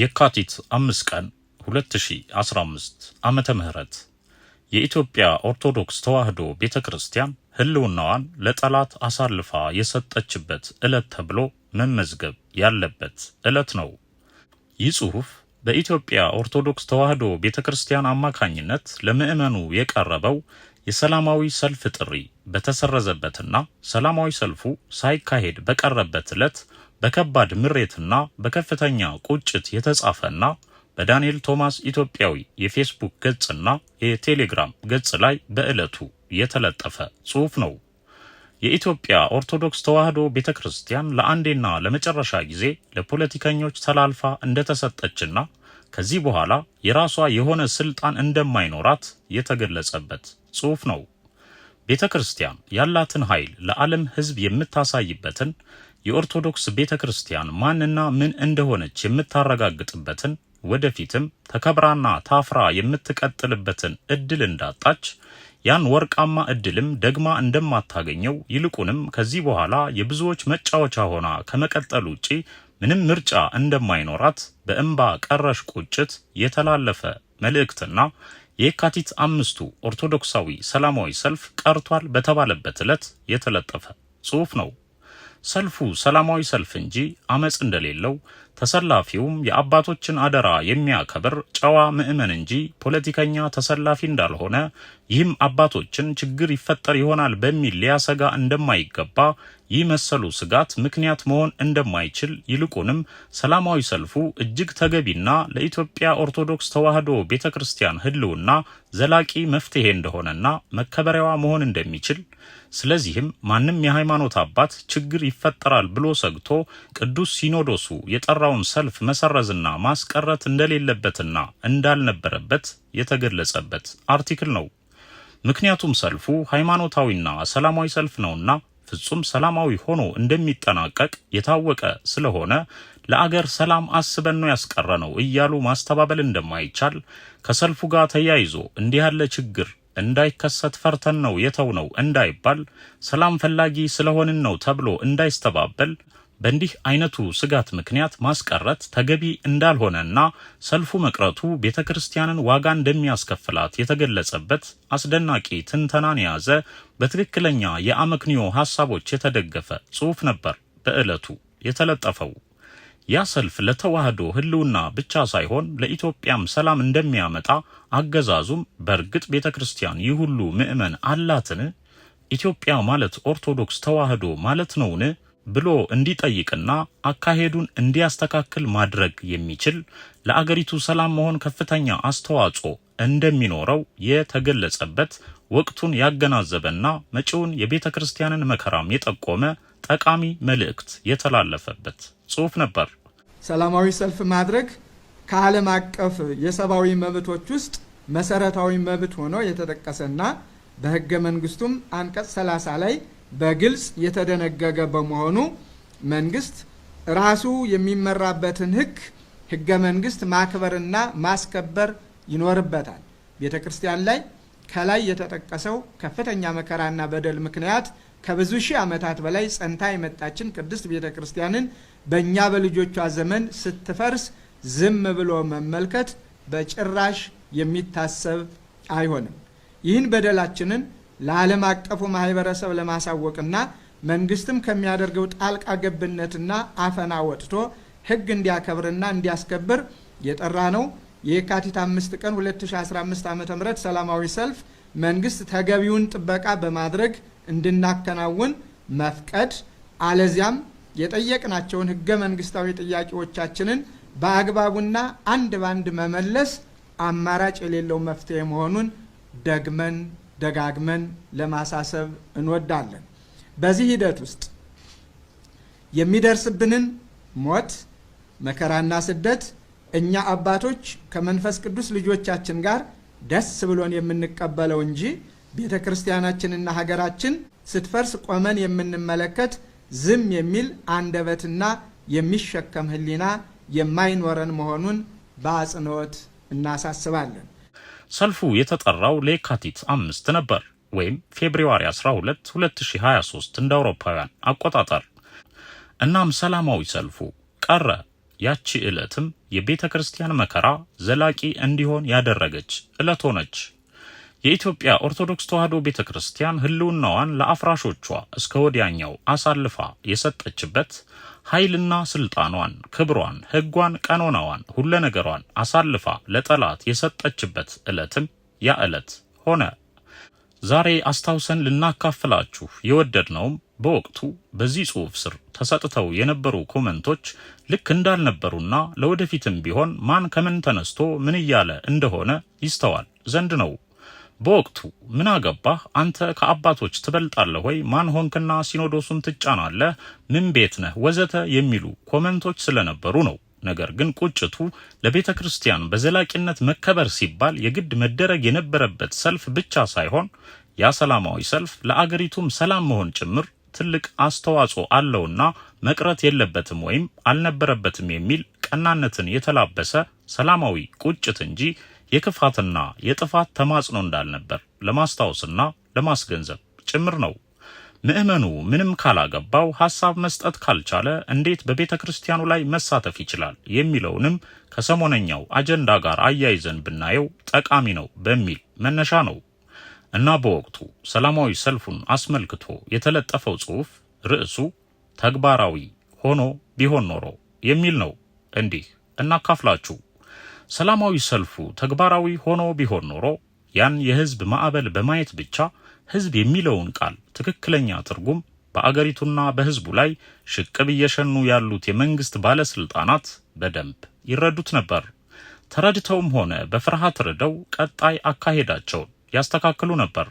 የካቲት አምስት ቀን 2015 ዓመተ ምህረት የኢትዮጵያ ኦርቶዶክስ ተዋህዶ ቤተ ክርስቲያን ሕልውናዋን ለጠላት አሳልፋ የሰጠችበት ዕለት ተብሎ መመዝገብ ያለበት ዕለት ነው። ይህ ጽሑፍ በኢትዮጵያ ኦርቶዶክስ ተዋሕዶ ቤተ ክርስቲያን አማካኝነት ለምዕመኑ የቀረበው የሰላማዊ ሰልፍ ጥሪ በተሰረዘበትና ሰላማዊ ሰልፉ ሳይካሄድ በቀረበት ዕለት በከባድ ምሬትና በከፍተኛ ቁጭት የተጻፈና በዳንኤል ቶማስ ኢትዮጵያዊ የፌስቡክ ገጽና የቴሌግራም ገጽ ላይ በዕለቱ የተለጠፈ ጽሑፍ ነው። የኢትዮጵያ ኦርቶዶክስ ተዋሕዶ ቤተ ክርስቲያን ለአንዴና ለመጨረሻ ጊዜ ለፖለቲከኞች ተላልፋ እንደተሰጠችና ከዚህ በኋላ የራሷ የሆነ ስልጣን እንደማይኖራት የተገለጸበት ጽሑፍ ነው። ቤተ ክርስቲያን ያላትን ኃይል ለዓለም ሕዝብ የምታሳይበትን የኦርቶዶክስ ቤተ ክርስቲያን ማንና ምን እንደሆነች የምታረጋግጥበትን ወደፊትም ተከብራና ታፍራ የምትቀጥልበትን እድል እንዳጣች ያን ወርቃማ እድልም ደግማ እንደማታገኘው ይልቁንም ከዚህ በኋላ የብዙዎች መጫወቻ ሆና ከመቀጠል ውጪ ምንም ምርጫ እንደማይኖራት በእንባ ቀረሽ ቁጭት የተላለፈ መልእክትና የካቲት አምስቱ ኦርቶዶክሳዊ ሰላማዊ ሰልፍ ቀርቷል በተባለበት ዕለት የተለጠፈ ጽሑፍ ነው። ሰልፉ ሰላማዊ ሰልፍ እንጂ አመፅ እንደሌለው ተሰላፊውም የአባቶችን አደራ የሚያከብር ጨዋ ምዕመን እንጂ ፖለቲከኛ ተሰላፊ እንዳልሆነ ይህም አባቶችን ችግር ይፈጠር ይሆናል በሚል ሊያሰጋ እንደማይገባ ይህ መሰሉ ስጋት ምክንያት መሆን እንደማይችል ይልቁንም ሰላማዊ ሰልፉ እጅግ ተገቢና ለኢትዮጵያ ኦርቶዶክስ ተዋሕዶ ቤተ ክርስቲያን ሕልውና ዘላቂ መፍትሄ እንደሆነና መከበሪያዋ መሆን እንደሚችል ስለዚህም ማንም የሃይማኖት አባት ችግር ይፈጠራል ብሎ ሰግቶ ቅዱስ ሲኖዶሱ የጠራ የተጠራውን ሰልፍ መሰረዝና ማስቀረት እንደሌለበትና እንዳልነበረበት የተገለጸበት አርቲክል ነው። ምክንያቱም ሰልፉ ሃይማኖታዊና ሰላማዊ ሰልፍ ነውና ፍጹም ሰላማዊ ሆኖ እንደሚጠናቀቅ የታወቀ ስለሆነ ለአገር ሰላም አስበን ነው ያስቀረ ነው እያሉ ማስተባበል እንደማይቻል ከሰልፉ ጋር ተያይዞ እንዲህ ያለ ችግር እንዳይከሰት ፈርተን ነው የተው ነው እንዳይባል ሰላም ፈላጊ ስለሆንን ነው ተብሎ እንዳይስተባበል በእንዲህ አይነቱ ስጋት ምክንያት ማስቀረት ተገቢ እንዳልሆነና ሰልፉ መቅረቱ ቤተ ክርስቲያንን ዋጋ እንደሚያስከፍላት የተገለጸበት አስደናቂ ትንተናን የያዘ በትክክለኛ የአመክንዮ ሀሳቦች የተደገፈ ጽሑፍ ነበር በዕለቱ የተለጠፈው። ያ ሰልፍ ለተዋህዶ ህልውና ብቻ ሳይሆን ለኢትዮጵያም ሰላም እንደሚያመጣ አገዛዙም በእርግጥ ቤተ ክርስቲያን ይህ ሁሉ ምዕመን አላትን? ኢትዮጵያ ማለት ኦርቶዶክስ ተዋህዶ ማለት ነውን? ብሎ እንዲጠይቅና አካሄዱን እንዲያስተካክል ማድረግ የሚችል ለአገሪቱ ሰላም መሆን ከፍተኛ አስተዋጽኦ እንደሚኖረው የተገለጸበት ወቅቱን ያገናዘበና መጪውን የቤተ ክርስቲያንን መከራም የጠቆመ ጠቃሚ መልእክት የተላለፈበት ጽሑፍ ነበር። ሰላማዊ ሰልፍ ማድረግ ከዓለም አቀፍ የሰብአዊ መብቶች ውስጥ መሰረታዊ መብት ሆኖ የተጠቀሰና በህገ መንግስቱም አንቀጽ 30 ላይ በግልጽ የተደነገገ በመሆኑ መንግስት ራሱ የሚመራበትን ህግ ህገ መንግስት ማክበርና ማስከበር ይኖርበታል። ቤተ ክርስቲያን ላይ ከላይ የተጠቀሰው ከፍተኛ መከራና በደል ምክንያት ከብዙ ሺህ ዓመታት በላይ ጸንታ የመጣችን ቅድስት ቤተ ክርስቲያንን በእኛ በልጆቿ ዘመን ስትፈርስ ዝም ብሎ መመልከት በጭራሽ የሚታሰብ አይሆንም። ይህን በደላችንን ለዓለም አቀፉ ማህበረሰብ ለማሳወቅና መንግስትም ከሚያደርገው ጣልቃ ገብነትና አፈና ወጥቶ ህግ እንዲያከብርና እንዲያስከብር የጠራ ነው። የካቲት አምስት ቀን 2015 ዓ ም ሰላማዊ ሰልፍ መንግስት ተገቢውን ጥበቃ በማድረግ እንድናከናውን መፍቀድ አለዚያም የጠየቅናቸውን ህገ መንግስታዊ ጥያቄዎቻችንን በአግባቡና አንድ ባንድ መመለስ አማራጭ የሌለው መፍትሄ መሆኑን ደግመን ደጋግመን ለማሳሰብ እንወዳለን። በዚህ ሂደት ውስጥ የሚደርስብንን ሞት፣ መከራና ስደት እኛ አባቶች ከመንፈስ ቅዱስ ልጆቻችን ጋር ደስ ብሎን የምንቀበለው እንጂ ቤተ ክርስቲያናችንና ሀገራችን ስትፈርስ ቆመን የምንመለከት ዝም የሚል አንደበትና የሚሸከም ሕሊና የማይኖረን መሆኑን በአጽንኦት እናሳስባለን። ሰልፉ የተጠራው ለየካቲት አምስት ነበር ወይም ፌብሪዋሪ 12 2023 እንደ አውሮፓውያን አቆጣጠር። እናም ሰላማዊ ሰልፉ ቀረ። ያቺ ዕለትም የቤተ ክርስቲያን መከራ ዘላቂ እንዲሆን ያደረገች ዕለት ሆነች። የኢትዮጵያ ኦርቶዶክስ ተዋሕዶ ቤተ ክርስቲያን ሕልውናዋን ለአፍራሾቿ እስከ ወዲያኛው አሳልፋ የሰጠችበት ኃይልና ስልጣኗን፣ ክብሯን፣ ህጓን፣ ቀኖናዋን፣ ሁለ ነገሯን አሳልፋ ለጠላት የሰጠችበት ዕለትም ያ ዕለት ሆነ። ዛሬ አስታውሰን ልናካፍላችሁ የወደድነውም በወቅቱ በዚህ ጽሑፍ ስር ተሰጥተው የነበሩ ኮመንቶች ልክ እንዳልነበሩና ለወደፊትም ቢሆን ማን ከምን ተነስቶ ምን እያለ እንደሆነ ይስተዋል ዘንድ ነው። በወቅቱ ምን አገባህ አንተ ከአባቶች ትበልጣለህ ወይ ማን ሆንክና ሲኖዶሱን ትጫናለህ ምን ቤት ነህ ወዘተ የሚሉ ኮመንቶች ስለነበሩ ነው። ነገር ግን ቁጭቱ ለቤተ ክርስቲያን በዘላቂነት መከበር ሲባል የግድ መደረግ የነበረበት ሰልፍ ብቻ ሳይሆን ያ ሰላማዊ ሰልፍ ለአገሪቱም ሰላም መሆን ጭምር ትልቅ አስተዋጽኦ አለውና መቅረት የለበትም ወይም አልነበረበትም የሚል ቀናነትን የተላበሰ ሰላማዊ ቁጭት እንጂ የክፋትና የጥፋት ተማጽኖ እንዳልነበር ለማስታወስና ለማስገንዘብ ጭምር ነው። ምእመኑ ምንም ካላገባው ሐሳብ መስጠት ካልቻለ እንዴት በቤተ ክርስቲያኑ ላይ መሳተፍ ይችላል የሚለውንም ከሰሞነኛው አጀንዳ ጋር አያይዘን ብናየው ጠቃሚ ነው በሚል መነሻ ነው እና በወቅቱ ሰላማዊ ሰልፉን አስመልክቶ የተለጠፈው ጽሑፍ ርዕሱ ተግባራዊ ሆኖ ቢሆን ኖሮ የሚል ነው። እንዲህ እናካፍላችሁ። ሰላማዊ ሰልፉ ተግባራዊ ሆኖ ቢሆን ኖሮ ያን የህዝብ ማዕበል በማየት ብቻ ህዝብ የሚለውን ቃል ትክክለኛ ትርጉም በአገሪቱና በህዝቡ ላይ ሽቅብ እየሸኑ ያሉት የመንግስት ባለስልጣናት በደንብ ይረዱት ነበር። ተረድተውም ሆነ በፍርሃት ርደው ቀጣይ አካሄዳቸውን ያስተካክሉ ነበር።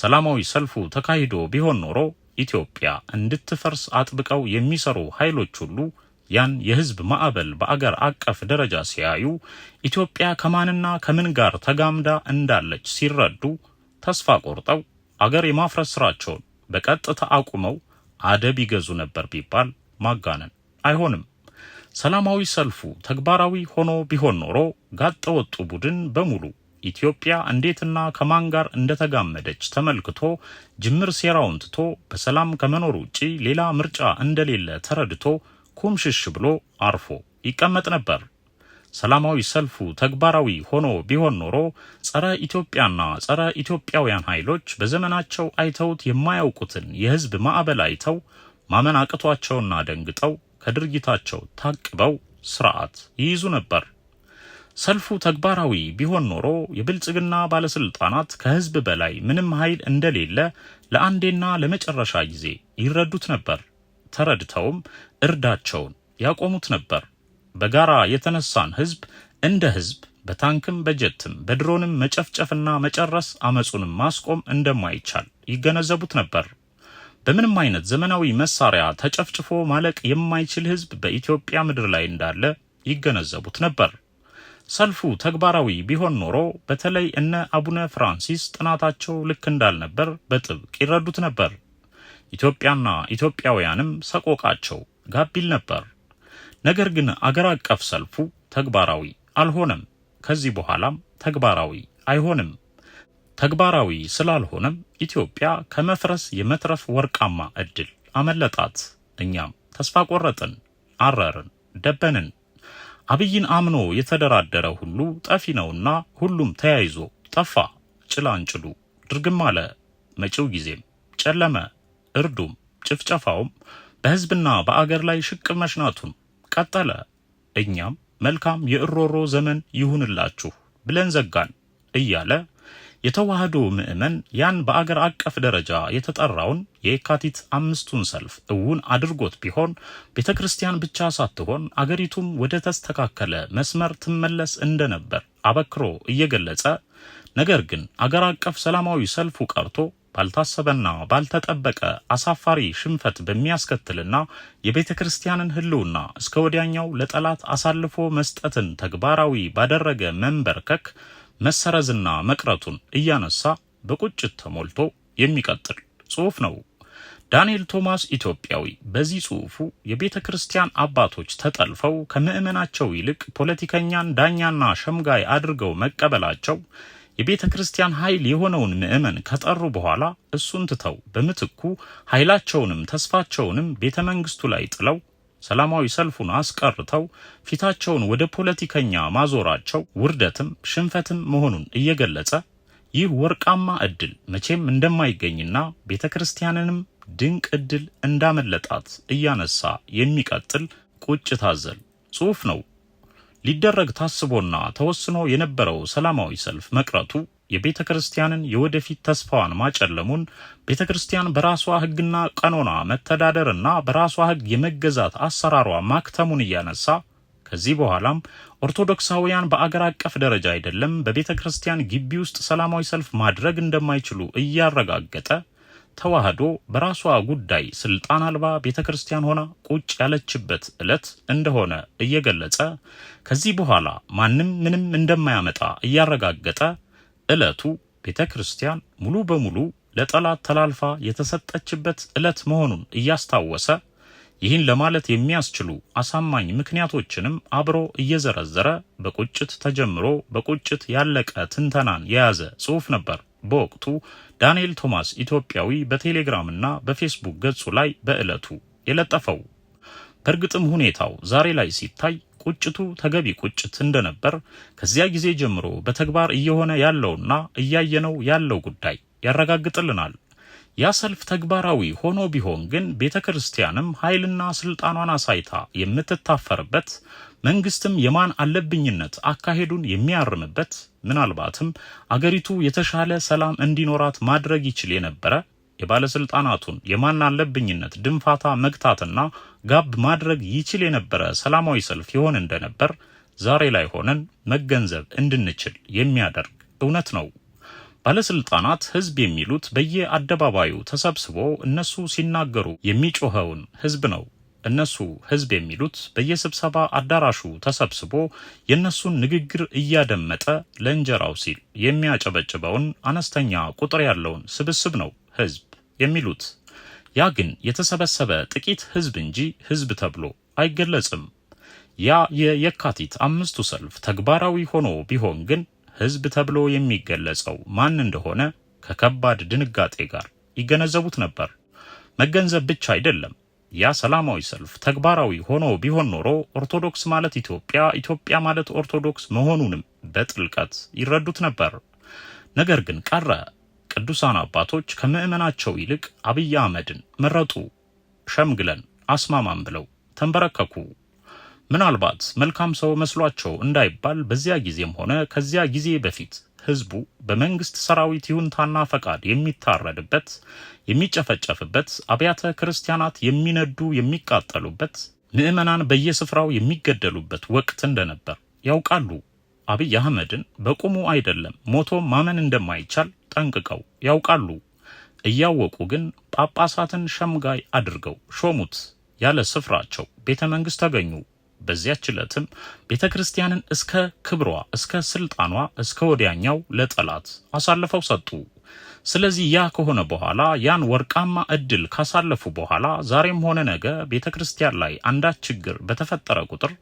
ሰላማዊ ሰልፉ ተካሂዶ ቢሆን ኖሮ ኢትዮጵያ እንድትፈርስ አጥብቀው የሚሰሩ ኃይሎች ሁሉ ያን የህዝብ ማዕበል በአገር አቀፍ ደረጃ ሲያዩ ኢትዮጵያ ከማንና ከምን ጋር ተጋምዳ እንዳለች ሲረዱ ተስፋ ቆርጠው አገር የማፍረስ ስራቸውን በቀጥታ አቁመው አደብ ይገዙ ነበር ቢባል ማጋነን አይሆንም። ሰላማዊ ሰልፉ ተግባራዊ ሆኖ ቢሆን ኖሮ ጋጠወጡ ወጡ ቡድን በሙሉ ኢትዮጵያ እንዴትና ከማን ጋር እንደተጋመደች ተመልክቶ ጅምር ሴራውን ትቶ በሰላም ከመኖር ውጪ ሌላ ምርጫ እንደሌለ ተረድቶ ኩምሽሽ ብሎ አርፎ ይቀመጥ ነበር። ሰላማዊ ሰልፉ ተግባራዊ ሆኖ ቢሆን ኖሮ ጸረ ኢትዮጵያና ጸረ ኢትዮጵያውያን ኃይሎች በዘመናቸው አይተውት የማያውቁትን የህዝብ ማዕበል አይተው ማመን አቅቷቸውና ደንግጠው ከድርጊታቸው ታቅበው ስርዓት ይይዙ ነበር። ሰልፉ ተግባራዊ ቢሆን ኖሮ የብልጽግና ባለስልጣናት ከህዝብ በላይ ምንም ኃይል እንደሌለ ለአንዴና ለመጨረሻ ጊዜ ይረዱት ነበር። ተረድተውም እርዳቸውን ያቆሙት ነበር። በጋራ የተነሳን ህዝብ እንደ ህዝብ በታንክም በጀትም በድሮንም መጨፍጨፍና መጨረስ አመፁንም ማስቆም እንደማይቻል ይገነዘቡት ነበር። በምንም አይነት ዘመናዊ መሳሪያ ተጨፍጭፎ ማለቅ የማይችል ህዝብ በኢትዮጵያ ምድር ላይ እንዳለ ይገነዘቡት ነበር። ሰልፉ ተግባራዊ ቢሆን ኖሮ በተለይ እነ አቡነ ፍራንሲስ ጥናታቸው ልክ እንዳልነበር በጥብቅ ይረዱት ነበር። ኢትዮጵያና ኢትዮጵያውያንም ሰቆቃቸው ጋቢል ነበር። ነገር ግን አገር አቀፍ ሰልፉ ተግባራዊ አልሆነም። ከዚህ በኋላም ተግባራዊ አይሆንም። ተግባራዊ ስላልሆነም ኢትዮጵያ ከመፍረስ የመትረፍ ወርቃማ እድል አመለጣት። እኛም ተስፋ ቆረጥን፣ አረርን፣ ደበንን። አብይን አምኖ የተደራደረ ሁሉ ጠፊ ነውና ሁሉም ተያይዞ ጠፋ። ጭላንጭሉ ድርግም አለ። መጪው ጊዜም ጨለመ። እርዱም ጭፍጨፋውም በህዝብና በአገር ላይ ሽቅብ መሽናቱም ቀጠለ። እኛም መልካም የእሮሮ ዘመን ይሁንላችሁ ብለን ዘጋን እያለ የተዋህዶ ምዕመን ያን በአገር አቀፍ ደረጃ የተጠራውን የካቲት አምስቱን ሰልፍ እውን አድርጎት ቢሆን ቤተ ክርስቲያን ብቻ ሳትሆን አገሪቱም ወደ ተስተካከለ መስመር ትመለስ እንደነበር አበክሮ እየገለጸ ነገር ግን አገር አቀፍ ሰላማዊ ሰልፉ ቀርቶ ባልታሰበና ባልተጠበቀ አሳፋሪ ሽንፈት በሚያስከትልና የቤተ ክርስቲያንን ሕልውና እስከ ወዲያኛው ለጠላት አሳልፎ መስጠትን ተግባራዊ ባደረገ መንበርከክ መሰረዝና መቅረቱን እያነሳ በቁጭት ተሞልቶ የሚቀጥል ጽሑፍ ነው። ዳንኤል ቶማስ ኢትዮጵያዊ በዚህ ጽሑፉ የቤተ ክርስቲያን አባቶች ተጠልፈው ከምዕመናቸው ይልቅ ፖለቲከኛን ዳኛና ሸምጋይ አድርገው መቀበላቸው የቤተ ክርስቲያን ኃይል የሆነውን ምእመን ከጠሩ በኋላ እሱን ትተው በምትኩ ኃይላቸውንም ተስፋቸውንም ቤተ መንግስቱ ላይ ጥለው ሰላማዊ ሰልፉን አስቀርተው ፊታቸውን ወደ ፖለቲከኛ ማዞራቸው ውርደትም ሽንፈትም መሆኑን እየገለጸ ይህ ወርቃማ እድል መቼም እንደማይገኝና ቤተ ክርስቲያንንም ድንቅ እድል እንዳመለጣት እያነሳ የሚቀጥል ቁጭት አዘል ጽሑፍ ነው። ሊደረግ ታስቦና ተወስኖ የነበረው ሰላማዊ ሰልፍ መቅረቱ የቤተ ክርስቲያንን የወደፊት ተስፋዋን ማጨለሙን ቤተ ክርስቲያን በራሷ ሕግና ቀኖና መተዳደርና በራሷ ሕግ የመገዛት አሰራሯ ማክተሙን እያነሳ ከዚህ በኋላም ኦርቶዶክሳውያን በአገር አቀፍ ደረጃ አይደለም በቤተ ክርስቲያን ግቢ ውስጥ ሰላማዊ ሰልፍ ማድረግ እንደማይችሉ እያረጋገጠ ተዋህዶ በራሷ ጉዳይ ስልጣን አልባ ቤተ ክርስቲያን ሆና ቁጭ ያለችበት ዕለት እንደሆነ እየገለጸ ከዚህ በኋላ ማንም ምንም እንደማያመጣ እያረጋገጠ ዕለቱ ቤተ ክርስቲያን ሙሉ በሙሉ ለጠላት ተላልፋ የተሰጠችበት ዕለት መሆኑን እያስታወሰ ይህን ለማለት የሚያስችሉ አሳማኝ ምክንያቶችንም አብሮ እየዘረዘረ በቁጭት ተጀምሮ በቁጭት ያለቀ ትንተናን የያዘ ጽሑፍ ነበር በወቅቱ ዳንኤል ቶማስ ኢትዮጵያዊ በቴሌግራም እና በፌስቡክ ገጹ ላይ በዕለቱ የለጠፈው። በእርግጥም ሁኔታው ዛሬ ላይ ሲታይ ቁጭቱ ተገቢ ቁጭት እንደነበር ከዚያ ጊዜ ጀምሮ በተግባር እየሆነ ያለውና እያየነው ያለው ጉዳይ ያረጋግጥልናል። ያ ሰልፍ ተግባራዊ ሆኖ ቢሆን ግን ቤተ ክርስቲያንም ኃይልና ስልጣኗን አሳይታ የምትታፈርበት መንግስትም የማን አለብኝነት አካሄዱን የሚያርምበት ምናልባትም አገሪቱ የተሻለ ሰላም እንዲኖራት ማድረግ ይችል የነበረ የባለስልጣናቱን የማን አለብኝነት ድንፋታ መግታትና ጋብ ማድረግ ይችል የነበረ ሰላማዊ ሰልፍ ይሆን እንደነበር ዛሬ ላይ ሆነን መገንዘብ እንድንችል የሚያደርግ እውነት ነው። ባለስልጣናት ህዝብ የሚሉት በየአደባባዩ ተሰብስቦ እነሱ ሲናገሩ የሚጮኸውን ህዝብ ነው። እነሱ ህዝብ የሚሉት በየስብሰባ አዳራሹ ተሰብስቦ የእነሱን ንግግር እያደመጠ ለእንጀራው ሲል የሚያጨበጭበውን አነስተኛ ቁጥር ያለውን ስብስብ ነው ህዝብ የሚሉት። ያ ግን የተሰበሰበ ጥቂት ህዝብ እንጂ ህዝብ ተብሎ አይገለጽም። ያ የየካቲት አምስቱ ሰልፍ ተግባራዊ ሆኖ ቢሆን ግን ህዝብ ተብሎ የሚገለጸው ማን እንደሆነ ከከባድ ድንጋጤ ጋር ይገነዘቡት ነበር። መገንዘብ ብቻ አይደለም ያ ሰላማዊ ሰልፍ ተግባራዊ ሆኖ ቢሆን ኖሮ ኦርቶዶክስ ማለት ኢትዮጵያ፣ ኢትዮጵያ ማለት ኦርቶዶክስ መሆኑንም በጥልቀት ይረዱት ነበር። ነገር ግን ቀረ። ቅዱሳን አባቶች ከምእመናቸው ይልቅ አብይ አህመድን መረጡ። ሸምግለን አስማማም ብለው ተንበረከኩ። ምናልባት መልካም ሰው መስሏቸው እንዳይባል በዚያ ጊዜም ሆነ ከዚያ ጊዜ በፊት ህዝቡ በመንግስት ሰራዊት ይሁንታና ፈቃድ የሚታረድበት፣ የሚጨፈጨፍበት፣ አብያተ ክርስቲያናት የሚነዱ የሚቃጠሉበት፣ ምዕመናን በየስፍራው የሚገደሉበት ወቅት እንደነበር ያውቃሉ። አብይ አህመድን በቁሙ አይደለም ሞቶ ማመን እንደማይቻል ጠንቅቀው ያውቃሉ። እያወቁ ግን ጳጳሳትን ሸምጋይ አድርገው ሾሙት። ያለ ስፍራቸው ቤተ መንግስት ተገኙ። በዚያች ዕለትም ቤተ ክርስቲያንን እስከ ክብሯ፣ እስከ ስልጣኗ፣ እስከ ወዲያኛው ለጠላት አሳልፈው ሰጡ። ስለዚህ ያ ከሆነ በኋላ ያን ወርቃማ እድል ካሳለፉ በኋላ ዛሬም ሆነ ነገ ቤተ ክርስቲያን ላይ አንዳች ችግር በተፈጠረ ቁጥር፣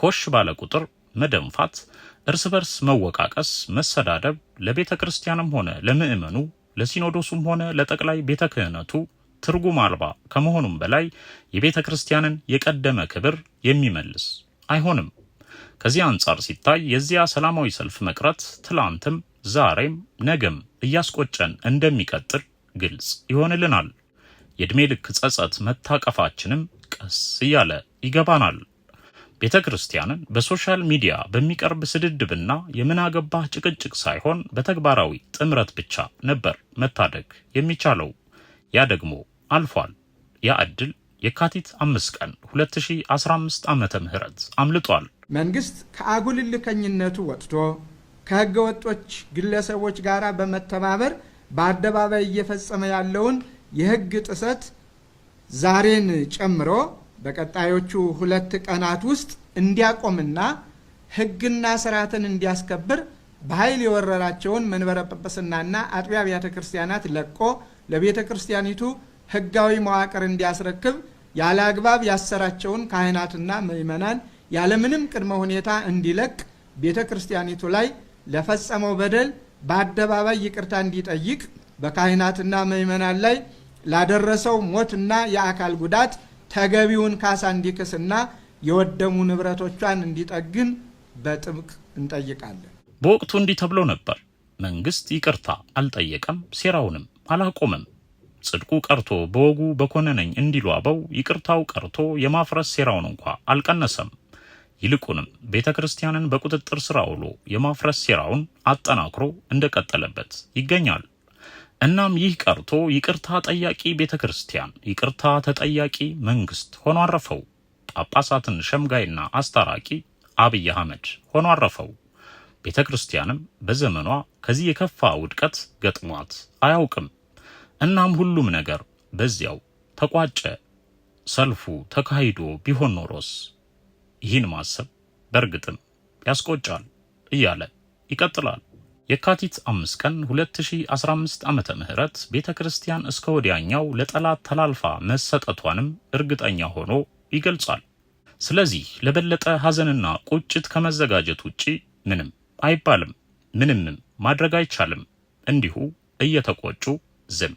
ኮሽ ባለ ቁጥር መደንፋት፣ እርስ በርስ መወቃቀስ፣ መሰዳደብ ለቤተ ክርስቲያንም ሆነ ለምእመኑ፣ ለሲኖዶሱም ሆነ ለጠቅላይ ቤተ ክህነቱ ትርጉም አልባ ከመሆኑም በላይ የቤተ ክርስቲያንን የቀደመ ክብር የሚመልስ አይሆንም። ከዚህ አንጻር ሲታይ የዚያ ሰላማዊ ሰልፍ መቅረት ትላንትም ዛሬም ነገም እያስቆጨን እንደሚቀጥል ግልጽ ይሆንልናል። የዕድሜ ልክ ጸጸት መታቀፋችንም ቀስ እያለ ይገባናል። ቤተ ክርስቲያንን በሶሻል ሚዲያ በሚቀርብ ስድድብና የምናገባ ጭቅጭቅ ሳይሆን በተግባራዊ ጥምረት ብቻ ነበር መታደግ የሚቻለው። ያ ደግሞ አልፏል። ያ ዕድል የካቲት አምስት ቀን 2015 ዓመተ ምህረት አምልጧል። መንግስት ከአጉል እልከኝነቱ ወጥቶ ከህገ ወጦች ግለሰቦች ጋር በመተባበር በአደባባይ እየፈጸመ ያለውን የህግ ጥሰት ዛሬን ጨምሮ በቀጣዮቹ ሁለት ቀናት ውስጥ እንዲያቆምና ህግና ስርዓትን እንዲያስከብር በኃይል የወረራቸውን መንበረ ጵጵስናና አጥቢያ አብያተ ክርስቲያናት ለቆ ለቤተ ክርስቲያኒቱ ህጋዊ መዋቅር እንዲያስረክብ ያለ አግባብ ያሰራቸውን ካህናትና ምእመናን ያለምንም ቅድመ ሁኔታ እንዲለቅ ቤተ ክርስቲያኒቱ ላይ ለፈጸመው በደል በአደባባይ ይቅርታ እንዲጠይቅ በካህናትና ምእመናን ላይ ላደረሰው ሞትና የአካል ጉዳት ተገቢውን ካሳ እንዲክስና የወደሙ ንብረቶቿን እንዲጠግን በጥብቅ እንጠይቃለን። በወቅቱ እንዲህ ተብሎ ነበር፣ መንግስት ይቅርታ አልጠየቀም፣ ሴራውንም አላቆመም። ጽድቁ ቀርቶ በወጉ በኮነነኝ እንዲሉ አበው ይቅርታው ቀርቶ የማፍረስ ሴራውን እንኳ አልቀነሰም። ይልቁንም ቤተ ክርስቲያንን በቁጥጥር ስር አውሎ የማፍረስ ሴራውን አጠናክሮ እንደቀጠለበት ይገኛል። እናም ይህ ቀርቶ ይቅርታ ጠያቂ ቤተ ክርስቲያን ይቅርታ ተጠያቂ መንግስት ሆኖ አረፈው። ጳጳሳትን ሸምጋይና አስታራቂ አብይ አህመድ ሆኖ አረፈው። ቤተ ክርስቲያንም በዘመኗ ከዚህ የከፋ ውድቀት ገጥሟት አያውቅም። እናም ሁሉም ነገር በዚያው ተቋጨ። ሰልፉ ተካሂዶ ቢሆን ኖሮስ ይህን ማሰብ በእርግጥም ያስቆጫል እያለ ይቀጥላል። የካቲት 5 ቀን 2015 ዓመተ ምህረት ቤተክርስቲያን እስከ ወዲያኛው ለጠላት ተላልፋ መሰጠቷንም እርግጠኛ ሆኖ ይገልጻል። ስለዚህ ለበለጠ ሐዘንና ቁጭት ከመዘጋጀት ውጪ ምንም አይባልም፣ ምንምም ማድረግ አይቻልም። እንዲሁ እየተቆጩ ዝም